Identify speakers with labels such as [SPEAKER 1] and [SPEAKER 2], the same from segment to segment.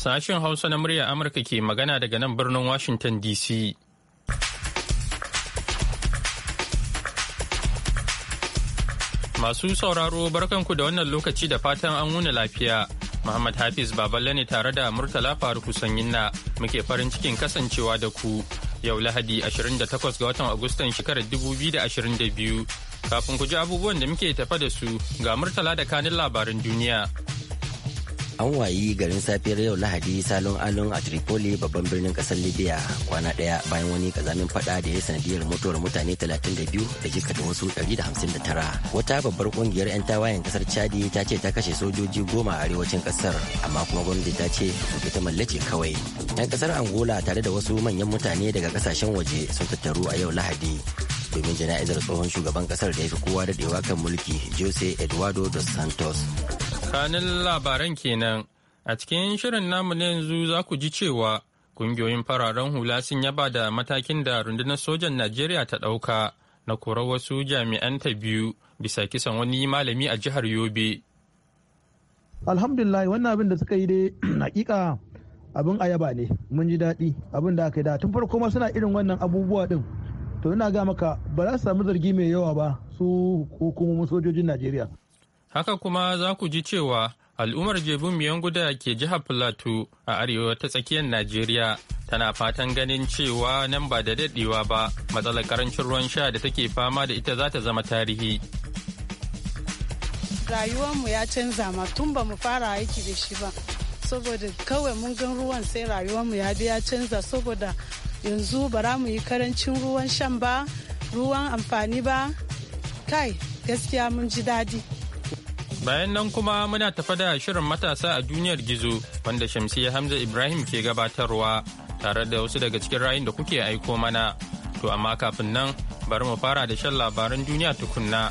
[SPEAKER 1] Sashen Hausa na murya Amurka ke magana daga nan birnin Washington DC. Masu sauraro barkanku da wannan lokaci da fatan an wuni lafiya. Muhammad Hafiz Baballe ne tare da Murtala Faruku Sanyinna muke farin cikin kasancewa da ku. Yau Lahadi 28 ga watan Agustan shekarar 2022. Kafin ku ji abubuwan da muke tafa da su ga Murtala da kanin labaran duniya.
[SPEAKER 2] an wayi garin safiyar yau lahadi salon alon a tripoli babban birnin kasar libya kwana daya bayan wani kazamin fada da ya sanadiyar mutuwar mutane 32 da jikata wasu 159 wata babbar kungiyar 'yan tawayen kasar chadi ta ce ta kashe sojoji goma a arewacin kasar amma kuma gwamnati ta ce ta mallace kawai 'yan kasar angola tare da wasu manyan mutane daga kasashen waje sun tattaru a yau lahadi domin jana'izar tsohon shugaban kasar da ya fi kowa daɗewa kan mulki jose eduardo dos santos
[SPEAKER 1] tsakanin labaran kenan a cikin shirin namu na yanzu za ku ji cewa kungiyoyin fararen hula sun yaba da matakin da rundunar sojan Najeriya ta ɗauka na korar wasu jami'an ta biyu bisa kisan wani malami a jihar Yobe.
[SPEAKER 3] Alhamdulillah wannan abin da suka yi dai hakika abin a yaba ne mun ji daɗi abin da aka yi da tun farko ma suna irin wannan abubuwa din to ina ga maka ba za su samu zargi mai yawa ba su hukumomin sojojin Najeriya.
[SPEAKER 1] Haka kuma za ku ji cewa al'ummar jebun miyan guda ke jihar Plateau a arewa ta tsakiyar Najeriya tana fatan ganin cewa nan ba da daɗewa ba matsalar karancin ruwan sha da take fama da ita za ta zama tarihi.
[SPEAKER 4] Rayuwarmu ya canza ma tun ba mu fara aiki da shi ba saboda kawai mun gan ruwan sai rayuwarmu ya ya canza saboda yanzu bara mu yi karancin ruwan shan ba ruwan amfani ba kai gaskiya mun ji daɗi.
[SPEAKER 1] Bayan nan kuma muna tafa da shirin matasa a duniyar gizo wanda Shamsiyya Hamza Ibrahim ke gabatarwa tare da wasu daga cikin rayun da kuke aiko mana. To amma kafin nan bari mu fara da shan labaran duniya tukunna.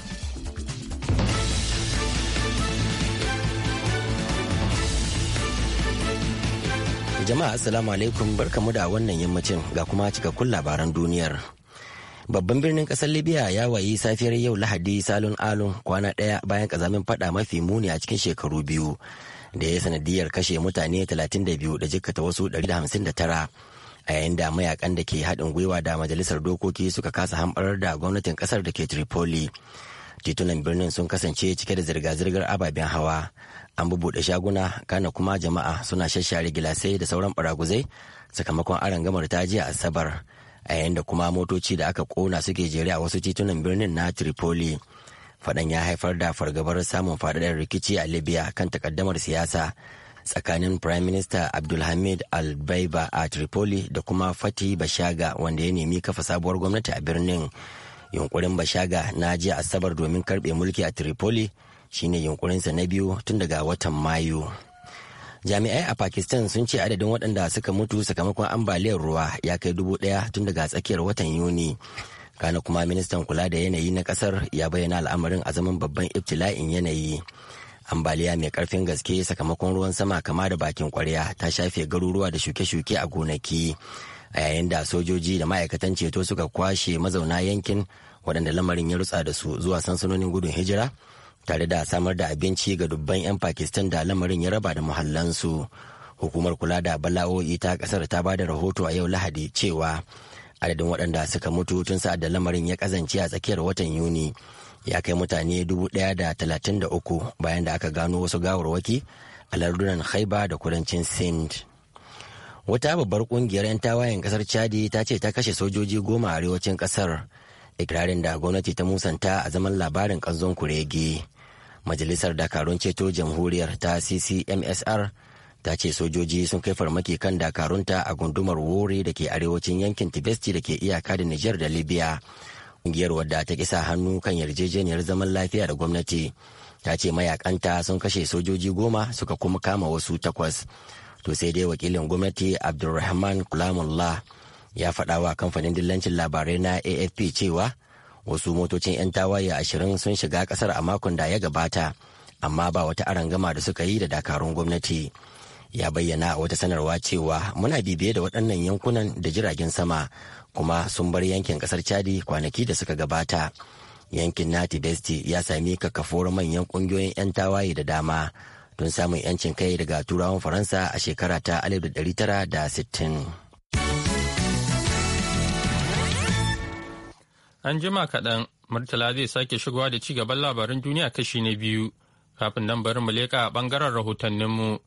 [SPEAKER 2] Jama'a Assalamu alaikum barkamu da wannan yammacin ga kuma cikakkun labaran duniyar. Babban birnin ƙasar Libya ya wayi safiyar yau Lahadi salon alon kwana ɗaya bayan ƙazamin faɗa mafi muni a cikin shekaru biyu da ya sanadiyar kashe mutane 32 da jikkata wasu 159 a yayin da mayakan da ke haɗin gwiwa da majalisar dokoki suka kasa hambar da gwamnatin ƙasar da ke Tripoli. Titunan birnin sun kasance cike da zirga-zirgar ababen hawa. An bubuɗe shaguna, kana kuma jama'a suna shashare gilasai da sauran baraguzai sakamakon arangamar ta jiya Asabar. a yayin da kuma motoci da aka kona suke jere a wasu titunan birnin na tripoli faɗan ya haifar da fargabar samun faɗaɗar rikici a libya kan takaddamar siyasa tsakanin prime minister abdulhamid albaiba a tripoli da kuma fati bashaga wanda ya nemi kafa sabuwar gwamnati a birnin yunkurin bashaga na jiya asabar domin karbe mulki a tripoli shine yunkurinsa na biyu tun daga watan mayu jami'ai a pakistan sun ce adadin waɗanda suka mutu sakamakon ambaliyar ruwa ya kai dubu ɗaya tun daga tsakiyar watan yuni kana kuma ministan kula da yanayi na ƙasar ya bayyana al'amarin a zaman babban ibtila'in yanayi ambaliya mai karfin gaske sakamakon ruwan sama kama da bakin kwarya ta shafe garuruwa da shuke-shuke a gonaki a yayin da sojoji da ma'aikatan ceto suka kwashe mazauna yankin waɗanda lamarin ya rutsa da su zuwa sansanonin gudun hijira tare da samar da abinci ga dubban 'yan pakistan da lamarin ya raba da muhallansu hukumar kula da bala'o'i ta kasar ta ba da rahoto a yau lahadi cewa adadin waɗanda suka mutu tun sa'ad da lamarin ya kazance a tsakiyar watan yuni ya kai mutane dubu ɗaya da da talatin uku bayan da aka gano wasu gawarwaki a lardunan haiba da kudancin sind wata babbar kungiyar 'yan tawayen kasar chadi ta ce ta kashe sojoji goma a arewacin kasar ikirarin da gwamnati ta musanta a zaman labarin kanzon kurege majalisar dakarun ceto jamhuriyar ta ccmsr ta ce sojoji sun kai farmaki kan dakarunta a gundumar wuri da ke arewacin yankin tibesti da ke iyaka da Nijar da libya ƙungiyar wadda ta kisa hannu kan yarjejeniyar zaman lafiya da gwamnati ta ce mayakanta sun kashe sojoji goma suka kuma kama wasu takwas to sai dai wakilin gwamnati abdulrahman kulamullah ya faɗawa kamfanin dillancin labarai na afp cewa wasu motocin 'yan tawaye ashirin sun shiga kasar a makon da ya gabata amma ba wata arangama da suka yi da dakarun gwamnati ya bayyana a wata sanarwa cewa muna bibiye da waɗannan yankunan da jiragen sama kuma sun bar yankin kasar chadi kwanaki da suka gabata yankin nati desti ya sami kakkafuwar manyan ƙungiyoyin 'yan tawaye da dama tun samun 'yancin kai daga turawan faransa a shekara ta 1960
[SPEAKER 1] An jima kaɗan Murtala zai sake shigowa da ci gaban labaran duniya kashi na biyu kafin nan bari mu leƙa a ɓangaren rahotanninmu.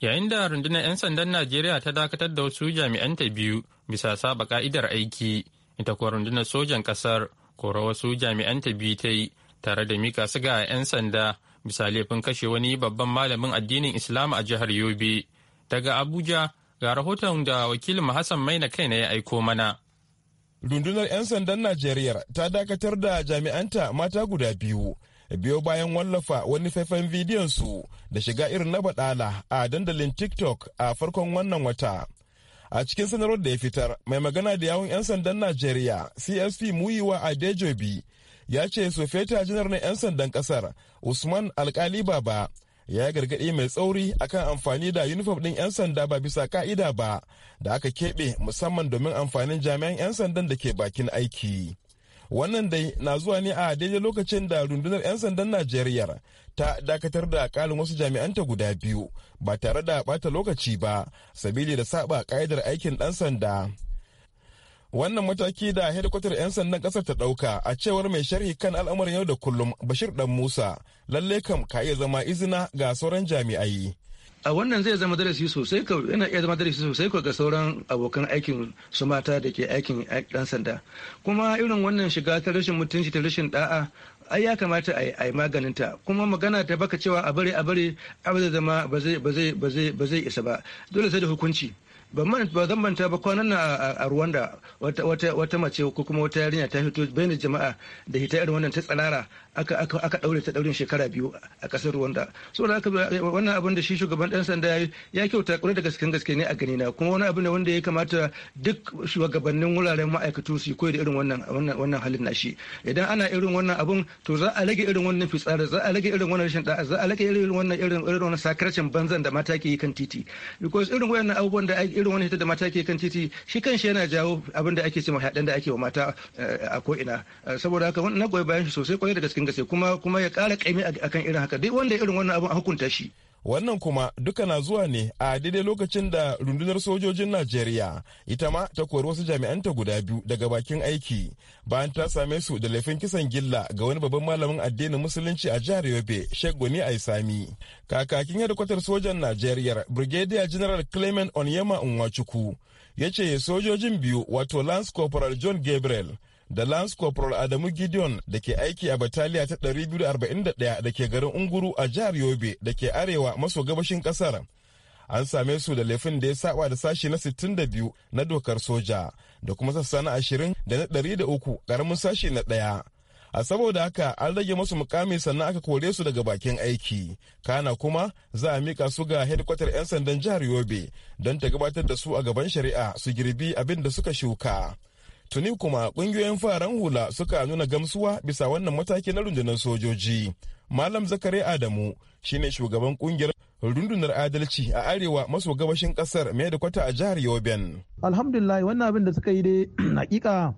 [SPEAKER 1] Yayin da rundunar 'yan sandan Najeriya ta dakatar da wasu jami'anta biyu bisa saba ka'idar aiki, ita kuwa rundunar sojan ƙasar kora wasu jami'anta biyu ta yi tare da mika su ga 'yan sanda bisa laifin kashe wani babban malamin addinin Islam a jihar Yobe. Daga Abuja ga rahoton da wakilin Hassan Maina kai na ya aiko mana.
[SPEAKER 5] rundunar 'yan sandan najeriya ta dakatar da jami'anta mata guda biyu biyo bayan wallafa wani faifan bidiyon su da shiga irin na baɗala a dandalin tiktok a farkon wannan wata a cikin sanarwar da ya fitar mai magana da yawun 'yan sandan najeriya csp muyiwa adejobi ya ce sofeta janar na 'yan sandan kasar usman alkali baba ya yi gargaɗi mai tsauri akan amfani da yunifom ɗin 'yan sanda ba bisa ka'ida ba da aka keɓe musamman domin amfanin jami'an 'yan sandan da ke bakin aiki. Wannan dai na zuwa ne a daidai lokacin da rundunar 'yan sandan Najeriya ta dakatar da kalin wasu jami'anta guda biyu ba tare da bata lokaci ba sabili da saba ƙa'idar aikin ɗan sanda. Wannan mataki da hedikwatar 'yan sandan kasar ta dauka a cewar mai sharhi kan al'amuran yau da kullum Bashir Dan Musa lalle kam ka iya zama izina ga sauran jami'ai.
[SPEAKER 6] A wannan zai zama darasi sosai ka yana iya zama darasi sosai ka ga sauran abokan aikin su mata da ke aikin dan sanda. Kuma irin wannan shiga ta rashin mutunci ta rashin da'a ai ya kamata a yi maganinta kuma magana ta baka cewa a bare a bare zama ba zai isa ba dole sai da hukunci. ba zan manta ba kwanan na a ruwanda wata mace ko kuma wata yarinya ta fito bayan jama'a da hita irin wannan ta tsalara aka aka daure ta daurin shekara biyu a kasar Rwanda saboda haka wannan abin da shi shugaban dan sanda ya kyauta kwarai da gasken gaske ne a gani na kuma wani abu ne wanda ya kamata duk shugabannin wuraren ma'aikatu su koyi da irin wannan wannan halin halin nashi idan ana irin wannan abun to za a rage irin wannan fitsari za a rage irin wannan rashin da'a za a rage irin wannan irin irin wannan sakarcin banzan da mata ke kan titi because irin wannan abubuwan da irin wannan hita da mata ke kan titi shi kanshi yana jawo abin da ake cewa haɗin da ake wa mata eh, a ko ina eh, saboda haka wannan goyi bayan shi sosai kwarai da
[SPEAKER 5] gasken gaske kuma kuma ya kara ƙaimi akan irin haka duk wanda irin wannan abin a hukunta shi wannan kuma duka na zuwa ne a daidai lokacin da rundunar sojojin najeriya ita ma ta kori wasu jami'anta guda biyu daga bakin aiki bayan ta same su da laifin kisan gilla ga wani babban malamin addinin musulunci a jihar yobe sheikh goni aisami kakakin hedikwatar sojan najeriya brigadier general clement onyema nwachukwu ya ce sojojin biyu wato lance corporal john gabriel da lance corporal adamu gideon da ke aiki a bataliya ta 241 da ke garin unguru a jihar yobe da ke arewa maso gabashin kasar an same su da laifin da ya saba da sashi na 62 na dokar soja da kuma sassa na 20 da na 300 karamin sashi na daya a saboda haka an rage masu mukami sannan aka kore su daga bakin aiki kana kuma za a mika su ga hedkwatar 'yan sandan jihar yobe don ta gabatar da su a gaban shari'a su girbi abin da suka shuka tuni kuma kungiyoyin faran hula suka nuna gamsuwa bisa wannan mataki na rundunar sojoji malam zakare adamu shine shugaban kungiyar rundunar adalci a arewa maso gabashin kasar mai da kwata a jihar yoben
[SPEAKER 3] alhamdulillah wannan abin da suka yi dai hakika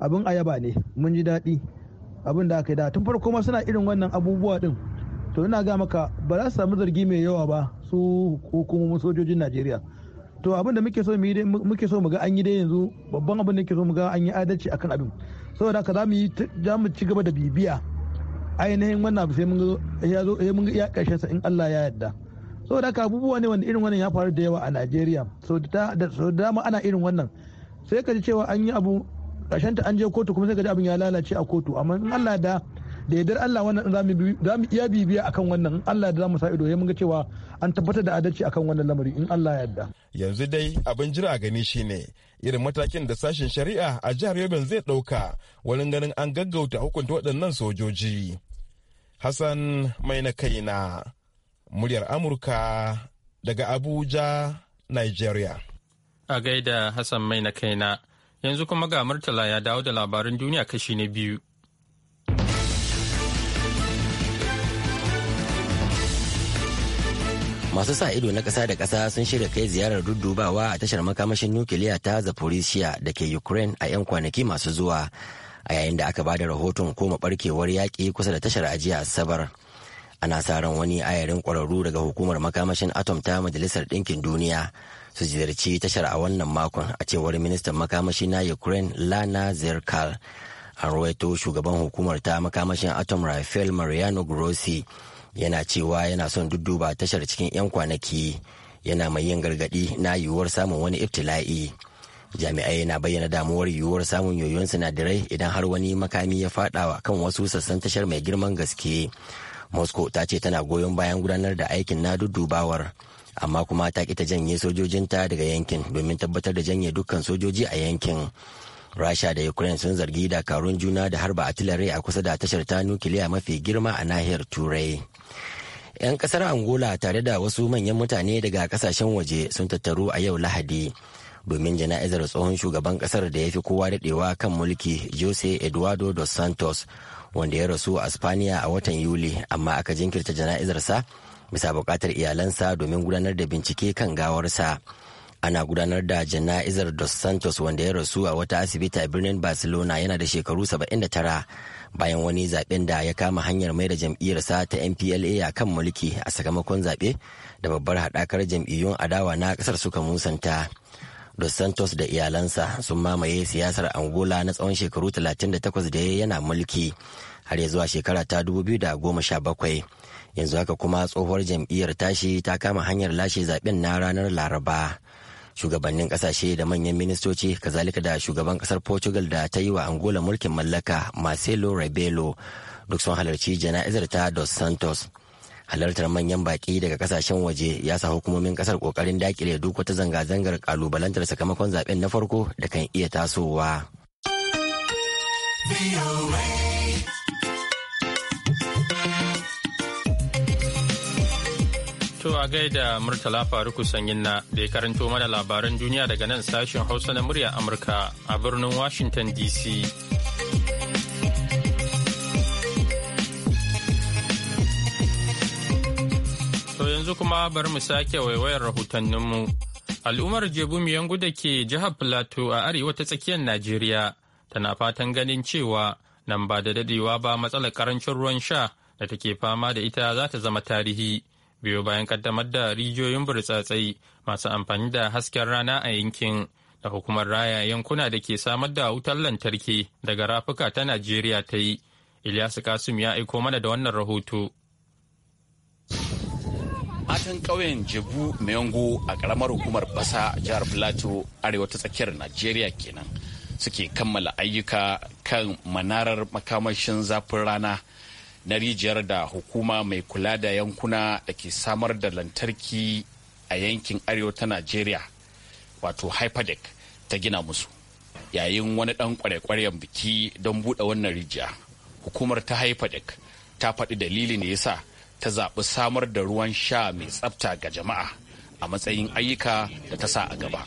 [SPEAKER 3] abin ayaba ne mun ji daɗi abin da aka yi da tun farko ma suna irin wannan abubuwa din to ina ga maka ba za su samu zargi mai yawa ba su hukumomin sojojin najeriya to abin da muke so mu yi muke so mu ga an yi dai yanzu babban abin da yake so mu ga an yi adalci akan abin saboda haka mu yi za mu ci gaba da bibiya ainihin wannan abu sai mun ga ya zo mun ga ya karshe sa in Allah ya yarda saboda haka abubuwa ne wanda irin wannan ya faru da yawa a Najeriya so da da mu ana irin wannan sai ka ji cewa an yi abu kashanta an je kotu kuma sai ka ji abin ya lalace a kotu amma in Allah da da yadda Allah wannan za mu iya bibiya akan wannan Allah da za mu sa ya mun ga cewa an tabbatar da adalci akan wannan lamari in Allah ya yarda
[SPEAKER 5] yanzu dai abin jira a gani shine irin matakin da sashen shari'a a jihar Yobe zai ɗauka wurin ganin an gaggauta hukunta waɗannan sojoji Hassan mai na kaina muryar Amurka daga Abuja Nigeria
[SPEAKER 1] a gaida Hassan mai na kaina yanzu kuma ga Murtala ya dawo da labarin duniya kashi na biyu
[SPEAKER 2] masu sa ido na ƙasa da ƙasa sun shirya kai ziyarar duddubawa a tashar makamashin nukiliya ta zaporizhia da ke ukraine a 'yan kwanaki masu zuwa a yayin da aka ba da rahoton koma barkewar yaƙi kusa da tashar ajiya asabar ana sa ran wani ayarin ƙwararru daga hukumar makamashin atom ta majalisar ɗinkin duniya su ziyarci tashar a wannan makon a cewar ministan makamashi na ukraine lana zerkal an ruwaito shugaban hukumar ta makamashin atom rafael mariano grossi yana cewa yana son dudduba tashar cikin 'yan kwanaki yana mai yin gargadi na yiwuwar samun wani ibtila'i jami'ai na bayyana damuwar yiwuwar samun yoyon sinadarai idan har wani makami ya fadawa kan wasu sassan tashar mai girman gaske moscow ta ce tana goyon bayan gudanar da aikin na dudubawar amma kuma ta ta janye sojojinta daga yankin domin tabbatar da janye dukkan sojoji a yankin rasha da ukraine sun zargi dakarun juna da harba atilare a kusa da tashar ta nukiliya mafi girma a nahiyar turai 'yan kasar angola tare da wasu manyan mutane daga kasashen waje sun tattaru a yau lahadi domin jana'izar tsohon shugaban kasar da ya fi kowa daɗewa kan mulki jose eduardo dos santos wanda ya rasu a spaniya a watan yuli amma aka jinkirta jana'izarsa bisa buƙatar iyalansa domin gudanar da bincike kan gawarsa. ana gudanar da jana'izar dos santos wanda ya rasu a wata asibiti a birnin barcelona yana da shekaru 79 bayan wani zaben da ya kama hanyar mai da jam'iyyarsa ta mpla a kan mulki a sakamakon zaɓe da babbar haɗakar jam'iyyun adawa na ƙasar suka musanta dos santos da iyalansa sun mamaye siyasar angola na tsawon shekaru 38 da ya yana mulki har ya zuwa shekara ta 2017 yanzu haka kuma tsohuwar jam'iyyar tashi ta kama hanyar lashe zaben na ranar laraba shugabannin kasashe da manyan ministoci kazalika da shugaban kasar portugal da ta yi wa angola mulkin mallaka marcelo rebelo duk sun halarci jana'izar ta dos santos halartar manyan baki daga kasashen waje ya sa hukumomin kasar kokarin dakile duk wata zanga-zangar kalubalantar sakamakon zaben na farko da kan iya tasowa.
[SPEAKER 1] so a gaida Murtala Faruku Sanyin na da ya karanto mana labaran duniya daga nan sashen Hausa na murya Amurka a birnin Washington DC. To yanzu kuma bari mu sake waiwayar rahotanninmu. Al'ummar Jebu Miyangu da ke jihar Plateau a arewa ta tsakiyar Najeriya tana fatan ganin cewa nan ba da dadewa ba matsalar karancin ruwan sha da take fama da ita za ta zama tarihi. biyo bayan kaddamar da rijiyoyin burtsatsai masu amfani da hasken rana a yankin da hukumar raya yankuna da ke samar da wutar lantarki daga rafuka ta najeriya ta yi ilyasu kasim ya aiko mana da wannan rahoto matan ƙauyen jebu
[SPEAKER 7] mayango a ƙaramar hukumar basa jihar plateau arewa ta tsakiyar najeriya kenan suke kammala ayyuka kan manarar makamashin zafin rana na rijiyar da hukuma mai kula da yankuna da ke samar da lantarki a yankin arewa ta najeriya wato hyperdeck ta gina musu yayin wani dan kwarekwaryen biki don bude wannan rijiya hukumar ta hyperdeck ta faɗi dalilin da yasa ta zaɓi samar da ruwan sha mai tsabta ga jama'a a matsayin ayyuka da ta sa a gaba.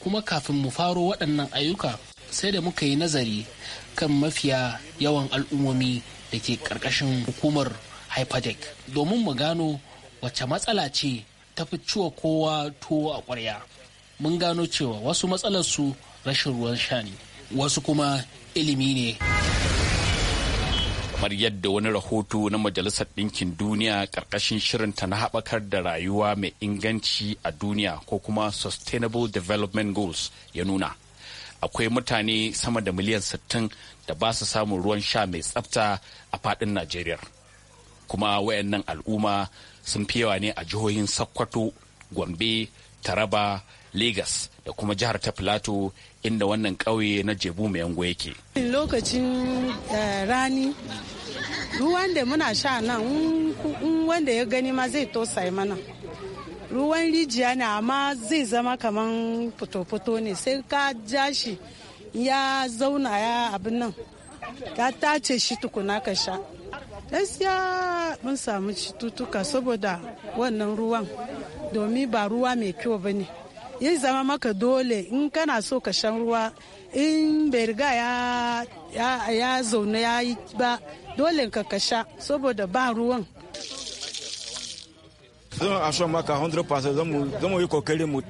[SPEAKER 7] kuma kafin mu faro waɗannan ayyuka sai da muka yi nazari kan mafiya yawan al'ummomi da ke ƙarƙashin hukumar hyperdeck domin mu gano wacce matsala ce ta fi ciwa kowa tuwo a ƙwarya mun gano cewa wasu su rashin ruwan sha ne wasu kuma ilimi ne kamar yadda wani rahoto na majalisar ɗinkin duniya ƙarƙashin shirinta na haɓakar da rayuwa mai inganci a duniya ko kuma sustainable development goals ya nuna akwai mutane sama da miliyan 60 da ba su samun ruwan sha mai tsafta a fadin najeriya kuma wayannan al'umma sun fi yawa ne a jihohin sokoto gombe taraba Legas da kuma jihar ta Filato inda wannan ƙauye na Jebu mai yango yake.
[SPEAKER 4] Lokacin eh, rani ruwan da muna sha nan wanda ya gani ma zai tosai mana. ruwan rijiya ne amma zai zama kaman fito-fito ne sai ka ja shi ya zauna ya abin nan ka tace shi tukuna ka sha gaskiya mun samu cututtuka saboda wannan ruwan domin ba ruwa mai kyau ba ne ya zama maka dole in kana so ka shan ruwa in bai riga ya, ya, zaune ya yi ba dole ka ka sha saboda ba ruwan
[SPEAKER 5] zan shon maka 100% zan mu yi kokari mu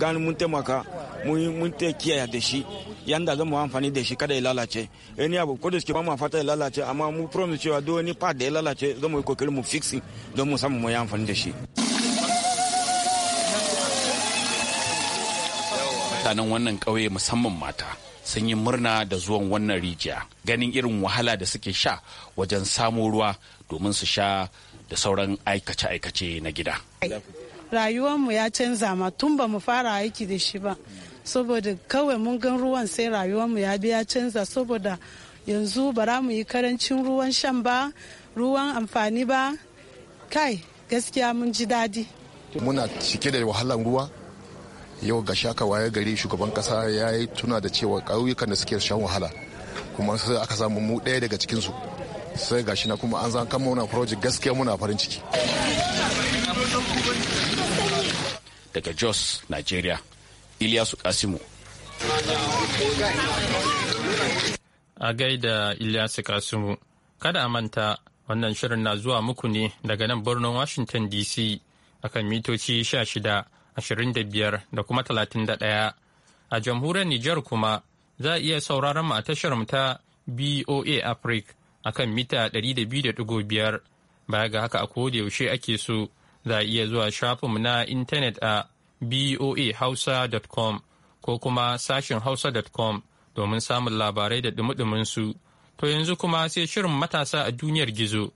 [SPEAKER 5] gani mun taimaka mun ta kiyaye da shi yanda zan mu amfani da shi kada ya lalace ni abu ko da suke ba mu fata ya lalace amma mu promise cewa duk wani part da ya lalace zan mu yi kokari mu fixing don mu samu mu yi amfani da shi
[SPEAKER 7] mutanen wannan kauye musamman mata sun yi murna da zuwan wannan rijiya ganin irin wahala da suke sha wajen samun ruwa domin su sha da sauran aikace-aikace na gida.
[SPEAKER 4] Rayuwarmu ya canza ma tun ba mu fara aiki da shi ba. Saboda kawai mun gan ruwan sai rayuwarmu ya biya canza saboda yanzu bara mu yi karancin ruwan shan ba, ruwan amfani ba. Kai, gaskiya mun ji daɗi.
[SPEAKER 5] Muna cike da wahalan ruwa.
[SPEAKER 8] Yau ga shaka waye gari shugaban kasa ya yi tuna da cewa ƙauyukan da suke shan wahala. kuma sai aka samu mu ɗaya daga cikinsu sai gashi na kuma an zan kama wannan project gaskiya muna farin ciki daga jos
[SPEAKER 7] nigeria ilyasu kasimu
[SPEAKER 1] a gaida ilyasu kasimu kada a manta wannan shirin na zuwa muku ne daga nan birnin washington dc akan mitoci 16 25 da kuma 31 a jamhuriyar niger kuma za a iya sauraron mu a tashar mu ta boa africa akan mita 200.5 baya ga haka a yaushe ake so za a iya zuwa shafinmu na intanet a boahausa.com ko kuma sashin hausa.com domin samun labarai da dumudumin su to yanzu kuma sai shirin matasa a duniyar gizo.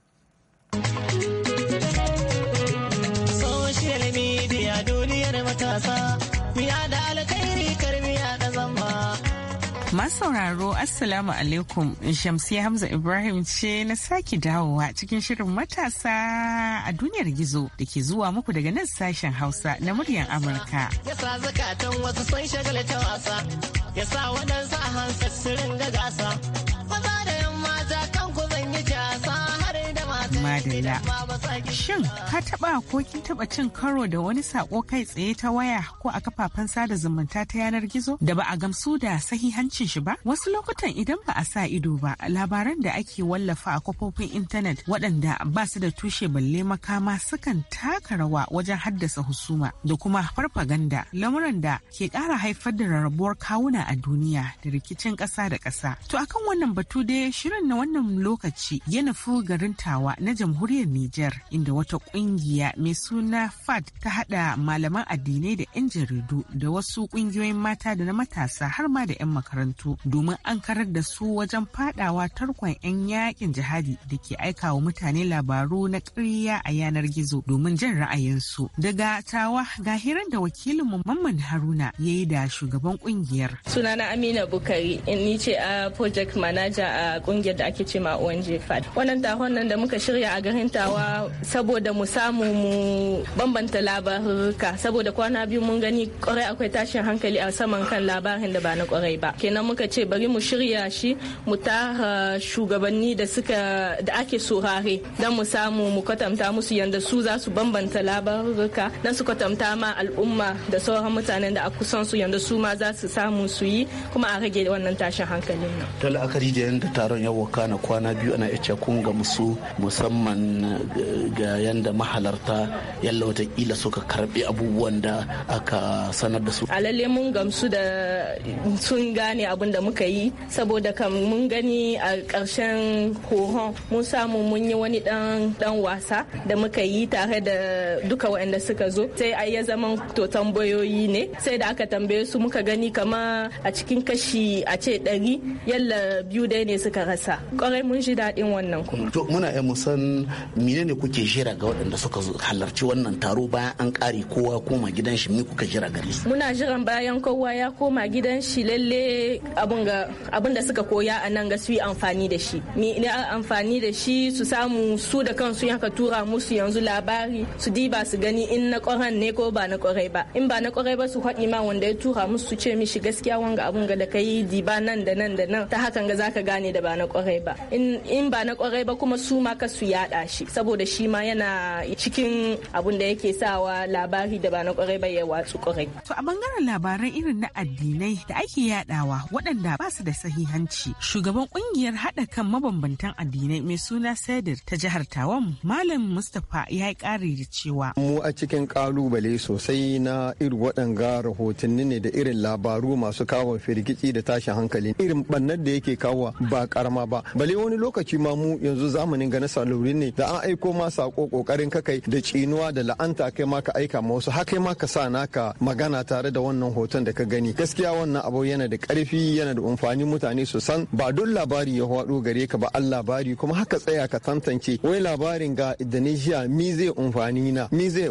[SPEAKER 9] Masu sauraro
[SPEAKER 10] Assalamu alaikum Shamsi Hamza Ibrahim ce na sake dawowa cikin shirin matasa a duniyar gizo da ke zuwa muku daga nan sashen Hausa na muryar Amurka.
[SPEAKER 2] Yasa zakatan wasu sun shagalta wasa, yasa waɗansu a hansa su ringa gasa.
[SPEAKER 10] Madalla. Shin ka taba ko kin taba cin karo da wani sako kai tsaye ta waya ko a kafafen sada zumunta ta yanar gizo da ba a gamsu da sahihancin shi ba? Wasu lokutan idan ba a sa ido ba labaran da ake wallafa a kafofin intanet waɗanda ba su da tushe balle makama sukan taka rawa wajen haddasa husuma da kuma farfaganda lamuran da ke ƙara haifar da rarrabuwar kawuna a duniya da rikicin ƙasa da ƙasa. To akan wannan batu dai shirin na wannan lokaci ya nufi garin tawa na jam jamhuriyar Nijar inda wata kungiya mai suna FAD ta hada malaman addinai da 'yan jaridu da wasu kungiyoyin mata da na matasa har ma da 'yan makarantu domin an karar da su wajen fadawa tarkon 'yan yakin jihadi da ke aikawa mutane labaru na ƙarya a yanar gizo domin jin ra'ayinsu. Daga tawa ga hirar da wakilin Mamman Haruna ya yi da shugaban kungiyar.
[SPEAKER 9] Sunana Amina Bukari ni ce a project manager a kungiyar da ake ce ma ONG FAD. Wannan tahon nan da muka shirya a garantawa saboda mu samu mu bambanta labarurruka saboda kwana biyu mun gani kwarai akwai tashin hankali a saman kan labarin da ba na kwarai ba kenan muka ce bari mu shirya shi mu tara shugabanni da suka da ake saurare don mu samu mu kwatanta musu yanda su za su bambanta labaruka don su kwatanta ma al'umma da sauran mutanen da a kusan su yanda su ma za su samu su yi kuma a rage wannan tashin hankalin nan.
[SPEAKER 3] Da la'akari da yanda taron ya wakana kwana biyu ana iya kun ga musu musamman musamman ga yadda mahalarta yalla watakila suka karbi abubuwan da aka sanar da su
[SPEAKER 9] a lalle mun gamsu da sun gane abin da muka yi saboda kan mun gani a ƙarshen horon mun samu mun yi wani dan wasa da muka yi tare da duka waɗanda suka zo sai a ya zama to tambayoyi ne sai da aka tambaye su muka gani kama a cikin kashi a ce ɗari yalla biyu dai ne suka rasa kwarai mun ji daɗin wannan
[SPEAKER 3] kuma to muna yi musan mine ne kuke jira ga waɗanda suka halarci wannan taro bayan an ƙare kowa koma gidan shi me kuka jira gare
[SPEAKER 9] su muna jiran bayan kowa ya koma gidan shi lalle abin da suka koya a nan ga su yi amfani da shi Ni ne amfani da shi su samu su da kansu yanka tura musu yanzu labari su diba su gani in na ƙoran ne ko ba na ƙorai ba in ba na ƙorai ba su haɗi ma wanda ya tura musu su ce mishi gaskiya wanga abin ga da yi diba nan da nan da nan ta hakan ga za ka gane da ba na ƙorai ba in ba na ƙorai ba kuma su ma ka su yaɗa faɗa shi saboda shi ma yana cikin abun da yake sawa labari da ba na kwarai ba ya watsu kwarai to a bangaren labaran irin na addinai da ake
[SPEAKER 10] yadawa waɗanda ba su da sahihanci shugaban kungiyar haɗa kan mabambantan addinai mai suna sadir ta jihar tawam malam mustapha ya yi ƙari da cewa
[SPEAKER 8] mu a cikin kalubale sosai na irin waɗanga rahotanni ne da irin labaru masu kawo firgici da tashin hankali irin bannar da yake kawo ba karama ba bale wani lokaci ma mu yanzu zamanin ga na salori ne da an aiko ma sako kokarin ka kai da cinuwa da la'anta kai ma ka aika ma wasu haka ma ka sa naka magana tare da wannan hoton da ka gani gaskiya wannan abu yana da karfi yana da amfani mutane su san ba duk labari ya hwado gare ka ba an labari kuma haka tsaya ka tantance wai labarin ga Indonesia mi zai amfani na mi zai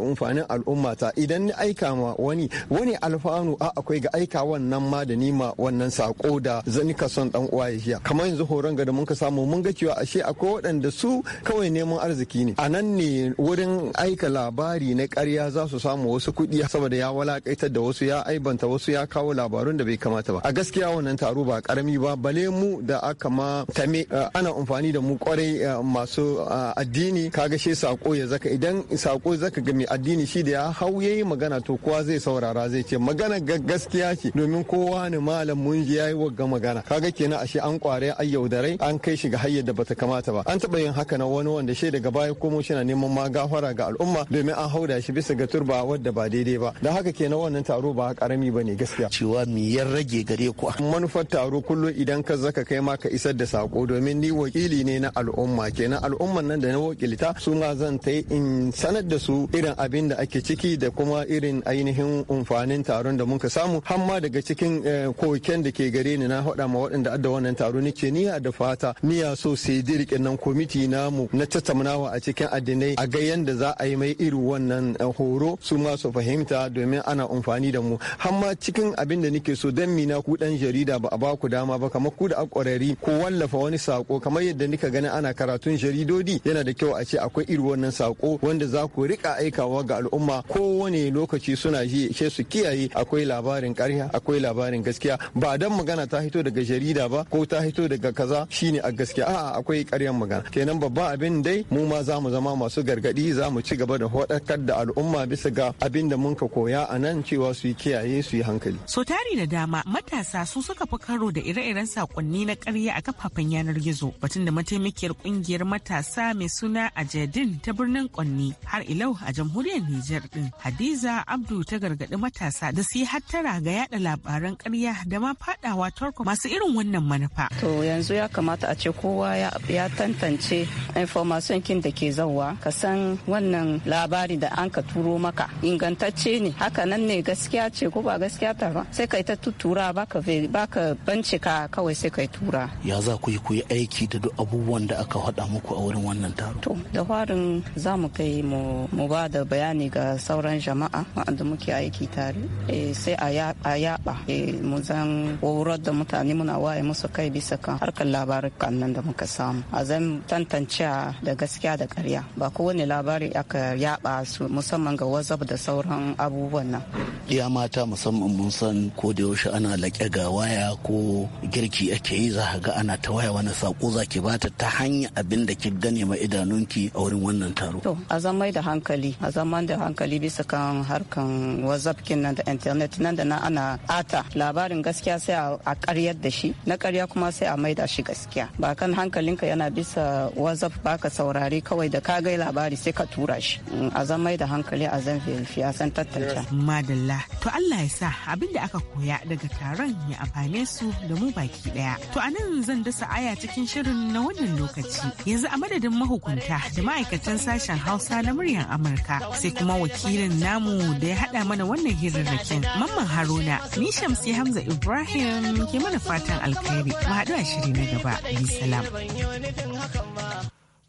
[SPEAKER 8] al'ummata idan ni aika ma wani wani alfanu a akwai ga aika wannan ma da nima wannan sako da ka son dan uwa ya kamar yanzu horon ga da mun ka samu mun ga cewa ashe akwai waɗanda su kawai neman arziki ne a nan ne wurin aika labari na karya za su samu wasu kuɗi saboda ya walakaitar da wasu ya aibanta wasu ya kawo labarun da bai kamata ba a gaskiya wannan taro ba karami ba bale mu da aka ma tame eh, ana amfani da mu kwarai eh, masu eh, addini kaga shi sako ya zaka idan sako zaka ga mai addini shi da ya hau yayi magana to kowa zai saurara zai ce magana gaskiya ce domin kowa ne malam mun ji yayi wagga magana kaga kenan ashe an kware ayyaudarai an kai shi ga hayyar da bata kamata ba an taba yin haka na wani wanda shi daga baya komo shina neman ma gafara ga al'umma domin an hauda shi bisa ga turba wadda ba daidai ba da haka kenan wannan taro ba karami ba ne gaskiya cewa mi rage gare ku manufar taro kullum idan ka zaka kai ma ka isar da sako domin ni wakili ne na al'umma kenan al'umman nan da na wakilta su ma zan ta in sanar da su irin abin da ake ciki da kuma irin ainihin amfanin taron da muka samu hamma daga cikin eh, koken da ke gare ni na haɗa ma waɗanda adda wannan taro nake niya da fata niya so sai dirƙin nan kwamiti namu na tattaunawa a cikin addinai a ga yadda za a yi mai iri wannan eh, horo su ma su fahimta domin ana amfani da mu har ma cikin abin da nake so dan mina ku dan jarida ba a ba ku dama ba kamar ku da a akwarari ko wallafa wani sako kamar yadda nika gani ana karatun jaridodi yana da kyau a ce akwai iri wannan sako wanda za ku rika aikawa ga al'umma ko kowane lokaci suna ji ke su kiyaye akwai labarin ƙarya akwai labarin gaskiya ba dan magana ta hito daga jarida ba ko ta hito daga kaza shine a gaskiya a'a akwai ƙaryan magana kenan babban abin dai mu ma za mu zama masu gargadi za mu ci gaba da hodakar da al'umma bisa ga abin da mun ka koya a nan cewa su yi kiyaye su yi hankali.
[SPEAKER 10] sotari da dama matasa su suka fi karo da ire-iren sakonni na karya a kafafen yanar gizo batun da mataimakiyar kungiyar matasa mai suna a Jadin ta birnin Kwanni har ilau a jamhuriyar Nijar din. Hadiza Abdu ta gargaɗi matasa da su yi hattara ga yada labaran karya da ma fadawa tarko masu irin wannan manufa. To
[SPEAKER 11] yanzu ya kamata a ce kowa ya tantance information masu yankin da ke zauwa ka san wannan labari da an ka turo maka ingantacce ne haka nan ne gaskiya ce ko ba gaskiya ta ba sai kai ta tuttura baka ka bincika kawai sai kai tura
[SPEAKER 3] ya za ku yi ku yi aiki da duk abubuwan da aka haɗa muku a wurin wannan taro to
[SPEAKER 11] da farin za mu kai mu ba da bayani ga sauran jama'a wanda muke aiki tare eh, sai a yaba eh, mu zan horar da mutane muna waye musu kai bisa kan harkar labarukan nan da muka samu a zan tantance da gaskiya da karya ba kowane labari aka yaba su musamman ga wazab da sauran abubuwan nan
[SPEAKER 3] iya mata musamman mun san ko da yaushe ana laƙe ga waya ko girki ake yi za ga ana ta waya wani sako za ki bata ta hanya abin da ki gane ma idanunki a wurin wannan taro
[SPEAKER 11] to a zama da hankali a zaman da hankali bisa kan harkan wazab kin nan da internet nan da na ana ata labarin gaskiya sai a karyar da shi na karya kuma sai a maida shi gaskiya ba kan hankalinka yana bisa wazab baka saurari kawai da ka gai labari sai ka tura shi mm, a zan mai da hankali a zan a san tattalta.
[SPEAKER 10] madalla to Allah ya sa abin da aka koya daga taron ya amfane su da mu baki daya to a nan zan dasa aya cikin shirin na wannan lokaci yanzu a madadin mahukunta da ma'aikatan sashen hausa na muryar amurka sai kuma wakilin namu da ya hada mana wannan hirarrakin mamman haruna ni shamsi hamza ibrahim ke mana fatan alkhairi mu haɗu a shiri na gaba bi
[SPEAKER 11] bisalam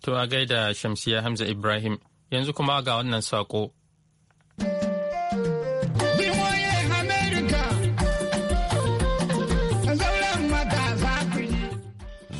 [SPEAKER 1] To a gaida Shamsiya Hamza Ibrahim yanzu kuma ga wannan saƙo.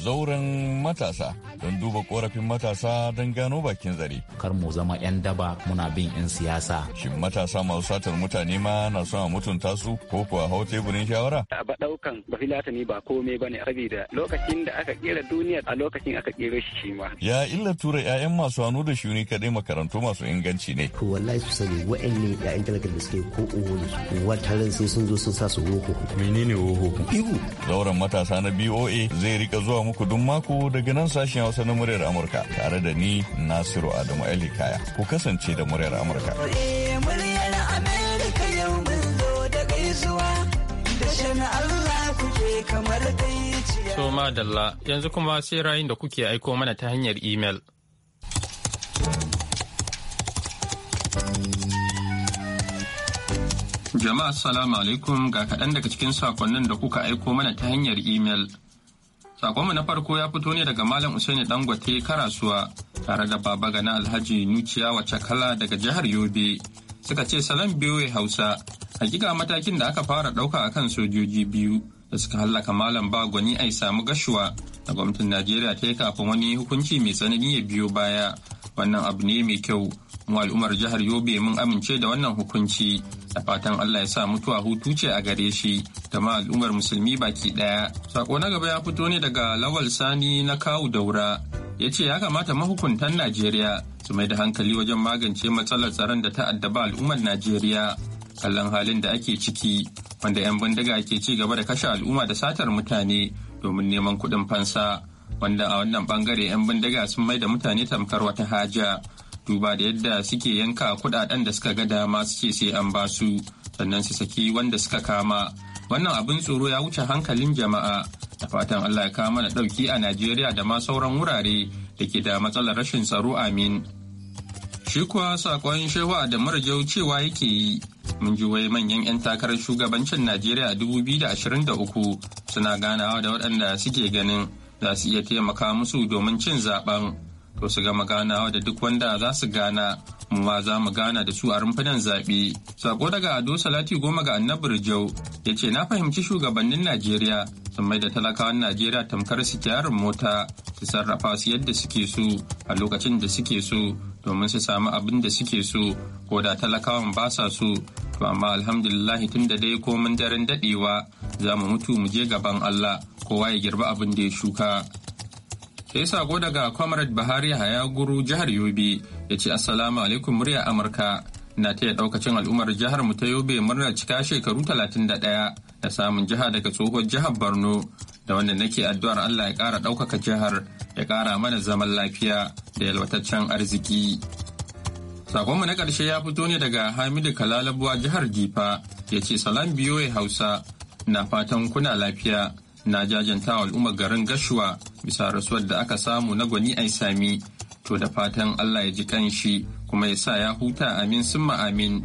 [SPEAKER 7] Zauren matasa. don duba korafin matasa don gano bakin zare. Kar mu zama 'yan daba muna bin 'yan siyasa. Shin matasa masu satar mutane ma na son a mutunta su ko kuwa hau teburin shawara? A ba ɗaukan ba ne ba komai ba ne saboda lokacin da aka kera duniya a lokacin aka kera shi shi ma. Ya illa tura 'ya'yan masu hannu da shuni kaɗai makarantu masu inganci ne.
[SPEAKER 5] To wallahi su sani ne 'ya'yan talakar da suke ko uwo da su sai sun zo sun sa su woho. Menene woho? Ihu.
[SPEAKER 7] Zauren matasa na BOA zai rika zuwa muku duk mako daga nan sashen Hausa na muryar Amurka tare da ni Nasiru Adamu Ali
[SPEAKER 5] Kaya. Ku kasance da muryar Amurka.
[SPEAKER 11] Eh, muryar Amurka yau So madalla
[SPEAKER 1] yanzu kuma sai rayun da kuke aiko mana ta hanyar imel. Jama'a salamu alaikum ga kaɗan daga cikin sakonnin da kuka aiko mana ta hanyar imel. Sakonmu na farko ya fito ne daga Malam Usaini Dangote Karasuwa tare da baba gana Alhaji Nuciya wace kala daga jihar Yobe. Suka ce salon biyoyi Hausa, hakika matakin da aka fara ɗauka akan sojoji biyu da suka hallaka Malam Bagwani ai samu gashuwa na gwamnatin najeriya ta yi kafin wani hukunci mai tsanani ya biyo baya wannan abu ne mai kyau mu al'ummar jihar yobe mun amince da wannan hukunci da fatan allah ya sa mutuwa hutu ce a gare shi da ma al'ummar musulmi baki daya sako na gaba ya fito ne daga lawal sani na kawu daura ya ce ya kamata mahukuntan najeriya su mai da hankali wajen magance matsalar tsaron da ta addaba al'ummar najeriya kallon halin da ake ciki wanda 'yan bindiga ke ci gaba da kashe al'umma da satar mutane domin neman kuɗin fansa wanda a wannan bangare 'yan bindiga sun mai da mutane tamkar wata haja duba da yadda suke yanka kuɗaɗen da suka ga dama suke sai an ba su sannan su saki wanda suka kama wannan abin tsoro ya wuce hankalin jama'a da fatan allah ya kama mana ɗauki a najeriya da ma sauran wurare da ke da matsalar rashin tsaro amin shi kuwa sakon shehu da marjau cewa yake yi mun ji wai manyan 'yan takarar shugabancin najeriya a 2023 suna ganawa da waɗanda suke ganin za su iya taimaka musu domin cin zaben to su gama ganawa da duk wanda za su gana mu ma za mu gana da su a rumfunan zaɓe sako daga ado salati goma ga annabi jau ya ce na fahimci shugabannin najeriya sun mai da talakawan najeriya tamkar su kyarin mota su sarrafa su yadda suke so a lokacin da suke so domin su samu abin da suke so ko da talakawan ba sa so to amma alhamdulillahi tun da dai komin daren daɗewa za mu mutu mu je gaban allah kowa ya girba abin da ya shuka yi sako daga comrade buhari hayaguru jihar yobe ya ce assalamu alaikum murya amurka na taya daukacin al'ummar jihar mu ta yobe murna cika shekaru talatin da samun jiha daga tsohuwar jihar borno da wanda nake addu'ar allah ya kara ɗaukaka jihar ya kara mana zaman lafiya da yalwataccen arziki sakonmu na karshe ya fito ne daga hamidu kalalabuwa jihar jifa ya ce salam ya hausa na fatan kuna lafiya na jajanta al'ummar garin gashuwa bisa rasuwar da aka samu na gwani ai sami to da fatan allah ya ji kanshi kuma ya sa ya huta amin summa amin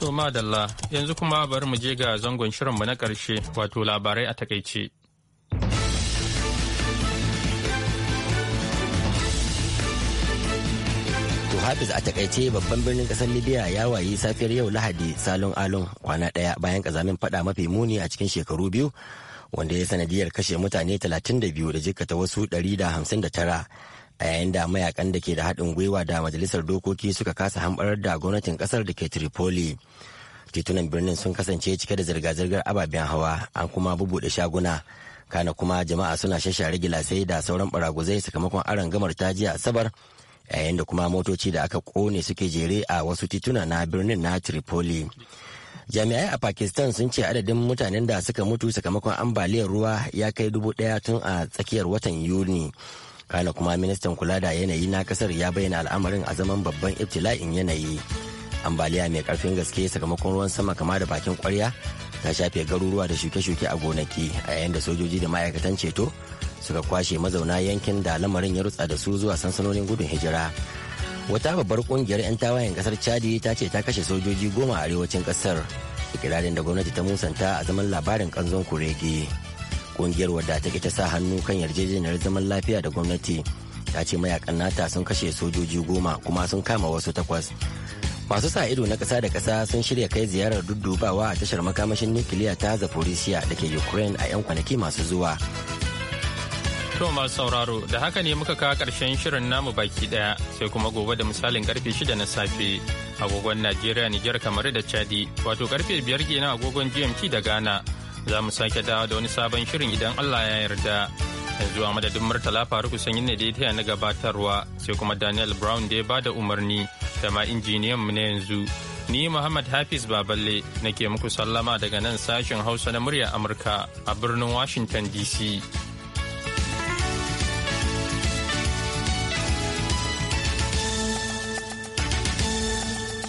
[SPEAKER 1] to madalla yanzu kuma bari mu je ga zangon shirin mu na ƙarshe wato labarai a takaice
[SPEAKER 2] hafiz a takaice babban birnin kasar libya ya wayi safiyar yau lahadi salon alon kwana daya bayan kazamin fada mafi muni a cikin shekaru biyu wanda ya sanadiyar kashe mutane 32 da ta wasu 159 a yayin da mayakan da ke da haɗin gwiwa da majalisar dokoki suka kasa hambarar da gwamnatin kasar da ke tripoli titunan birnin sun kasance cike da zirga-zirgar ababen hawa an kuma bubuɗe shaguna kana kuma jama'a suna shashare gilasai da sauran baraguzai sakamakon aron gamar ta jiya asabar yayin da kuma motoci da aka kone suke jere a wasu tituna na birnin na tripoli jami'ai a pakistan sun ce adadin mutanen da suka mutu sakamakon ambaliyar ruwa ya kai dubu daya tun a tsakiyar watan yuni kana kuma ministan kula da yanayi na kasar ya bayyana al'amarin a zaman babban ibtila'in yanayi ambaliya mai karfin gaske sakamakon ruwan sama kama da bakin kwarya ta shafe garuruwa da shuke-shuke a gonaki a yayin da sojoji da ma'aikatan ceto suka kwashe mazauna yankin da lamarin ya rutsa da su zuwa sansanonin gudun hijira wata babbar kungiyar 'yan tawayen kasar chadi ta ce ta kashe sojoji goma a arewacin kasar ikirarin da gwamnati ta musanta a zaman labarin kanzon kurege kungiyar wadda ta ta sa hannu kan yarjejeniyar zaman lafiya da gwamnati ta ce mayakan nata sun kashe sojoji goma kuma sun kama wasu takwas masu sa ido na kasa da kasa sun shirya kai ziyarar duddubawa a tashar makamashin nukiliya ta zaporisiya da ke ukraine a 'yan kwanaki masu zuwa
[SPEAKER 1] To masu sauraro da haka ne muka kawo ƙarshen shirin namu baki ɗaya sai kuma gobe da misalin karfe shida na safe agogon Najeriya niger kamar da Chadi wato karfe biyar na agogon GMT da Ghana za mu sake dawo da wani sabon shirin idan Allah ya yarda yanzu a madadin Murtala Faruku sanyi ne da ya na gabatarwa sai kuma Daniel Brown da ya bada umarni da ma injiniyan mu na yanzu ni Muhammad Hafiz Baballe nake muku sallama daga nan sashen Hausa na murya Amurka a birnin Washington DC.